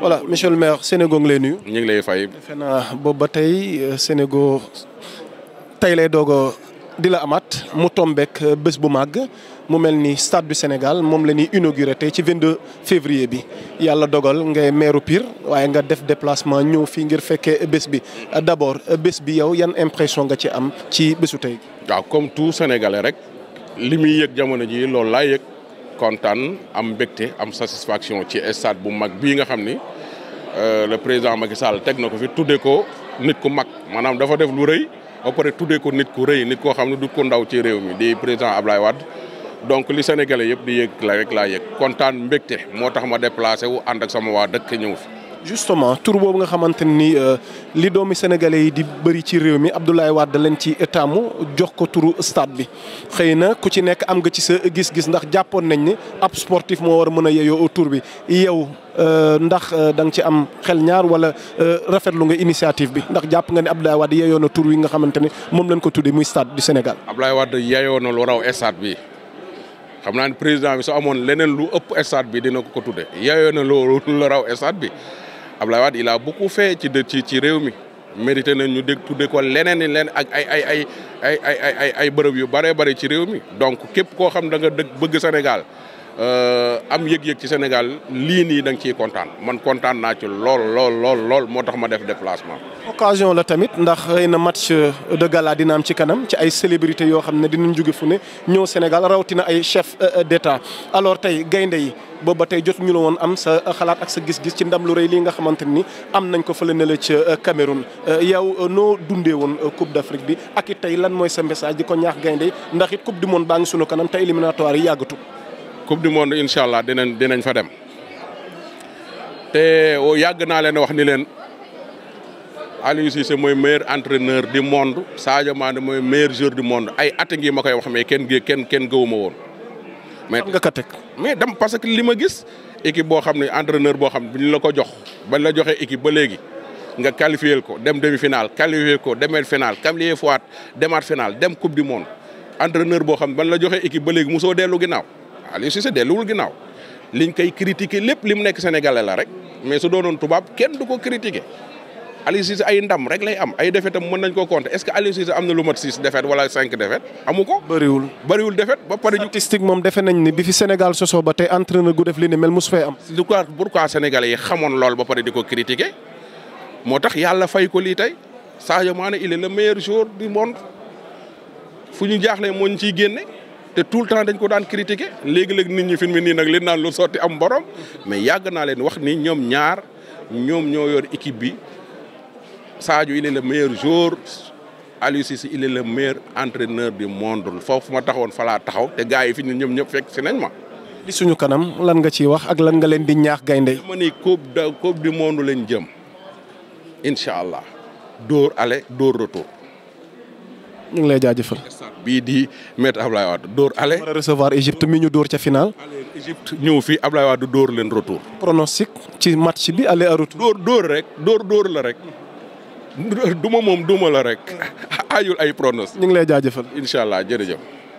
voilà monsieur le maire Sénégo ngi lay nuyu. ñu ngi lay fay. defe naa ba tey euh, Sénégo tey lay doog di la amaat mu tombeek euh, bés bu màgg mu mel ni stade du Sénégal moom la ñuy inauguré tey ci 22 février bi yàlla dogal ngay meeru Pire waaye nga def déplacement ñëw fii ngir fekkee bés bi euh, d' abord bés bi yow yan impression nga ci am ci bésu tey. waaw comme tout sénégalais rek li muy yëg jamono ji loolu laa yëg kontaan am mbégte am satisfaction ci stade bu mag bii nga xam ni. Euh, le président Macky Sall teg na ko fi tuddee ko nit ku mag maanaam dafa def lu rëy ba pare tuddee ko nit ku rëy nit koo xam ne du ko ndaw ci réew mi di président Ablaye Wade donc li Sénégalais yëpp di yëg la rek laa yëg kontaan mbégte moo tax ma déplacé wu ànd ak sama waa dëkk ñëw fi. justement tour boobu nga xamante ni euh, li doomi sénégalais yi di bëri ci réew mi Abdoulaye Wade leen ci taamu jox ko tour stade bi xëy na ku ci nekk am nga ci sa gis-gis ndax jàppoon nañ ni ab sportif moo war a mën a yeyoo tur bi yow euh, ndax euh, da nga ci am xel ñaar wala rafetlu nga initiative bi ndax jàpp nga ne Abdoulaye Wade yeyoo na tur wi nga xamante ni moom lañ ko tuddee muy stade du Sénégal. Abdoulaye Wade yeyoo na lu raw stade bi xam naa ni président bi soo amoon leneen lu ëpp stade bi dina ko ko tuddee yeyoo na lu raw stade bi. Abdoulaye Wade il a beaucoup fait ci ci ci réew mi mérité na ñu dégg tudde ko leneen ni leen ak ay ay ay ay ay ay ay bërëb yu bëree bëri ci réew mi donc képp koo xam da nga dëgg bëgg Sénégal Euh, am yëg yéeg ci Sénégal lii nii da nga ciy kontaan man kontaan naa ci lool lool lool lool moo tax ma def déplacement. occasion la tamit ndax xëy na match de gala dina am ci kanam ci ay célébrité yoo xam ne dinañ jóge fu ne ñëw Sénégal rawatina ay chef euh, euh, d'État alors tey gaynde yi booba tey jot ñu la woon am sa xalaat ak sa gis-gis ci ndam lu rëy lii nga xamante ni am nañ ko fële ne la ca Cameroun yow noo dundee woon Coupe d'Afrique bi ak it tey lan mooy sa message di ko ñaax gaynde ndax it Coupe du monde baa ngi sunu kanam te éliminatoire yi yàggatu. coupe du monde incha allah dinañ dinañ fa dem. te yàgg naa leen wax ni leen Aliou Cissé mooy meilleur entraîneur du monde Sadio Mané mooy meilleur joueur du monde ay at ngi ma koy wax me kenn kenn kenn gëwuma woon. mais nga ko teg mais dem parce que li ma gis équipe boo xam ne entraîneur boo xam ne bu ñu la ko jox ban la joxe équipe ba léegi nga qualifié ko dem demi final qualifié ko demel finale qualifié fois demaat finale dem coupe du monde entraîneur boo xam ne bañ la joxee équipe ba léegi mosoo dellu ginnaaw. Aliou Cissé delluwul ginnaaw liñ koy critiquer lépp li mu nekk sénégalais la rek mais su doonoon tubaab kenn du ko critiquer Aliou Cissé ay ndam rek lay am ay défaitam mën nañ ko compter est-ce que Aliou Cissé am na lu mat six défaites wala cinq défaites amu ko. bëriwul bëriwul défaite ba pare. statistique moom defe nañ ni bi fi Sénégal sosoo ba tey entraîneur gu def li ni mel mosu fee am. lu ko pourquoi sénégalais yi xamoon lool ba pare di ko critiquer moo tax yàlla fay ko lii tey Sadio Mané il est le meilleur joueur du monde fu ñu jaaxlee moo ñu ciy génne. te tout le temps dañ ko daan critique léegi-léegi nit ñi fi mu nii nag leen naan lu sorti am borom mais yàgg naa leen wax ni ñoom ñaar ñoom ñoo yor équipe bi Sadio il est le meilleur joueur Aliou si il est le meilleur entraîneur du monde foofu ma taxawoon falaa taxaw te gars yi fi ñu ñoom ñëpp fekk si nañ ma. li suñu kanam lan nga ciy wax ak lan nga leen di ñaax gaynde yi. ma ni coupe du coupe du monde leen jëm incha allah dóor ale dóor retour. ñu ngi lay jaajëfal. bii di maître Ablaye Wade dóor aller. ale a recevoir Égypte mi ñu dóor ca final. Égypte ñëw fii Ablaye Wade dóor leen retour. pronostic ci match bi aller à retour. dóor dóor rek dóor dóor la rek. duma moom duma la rek. ayul ay pronostic. ñu ngi lay jaajëfal. incha allah jërëjëf.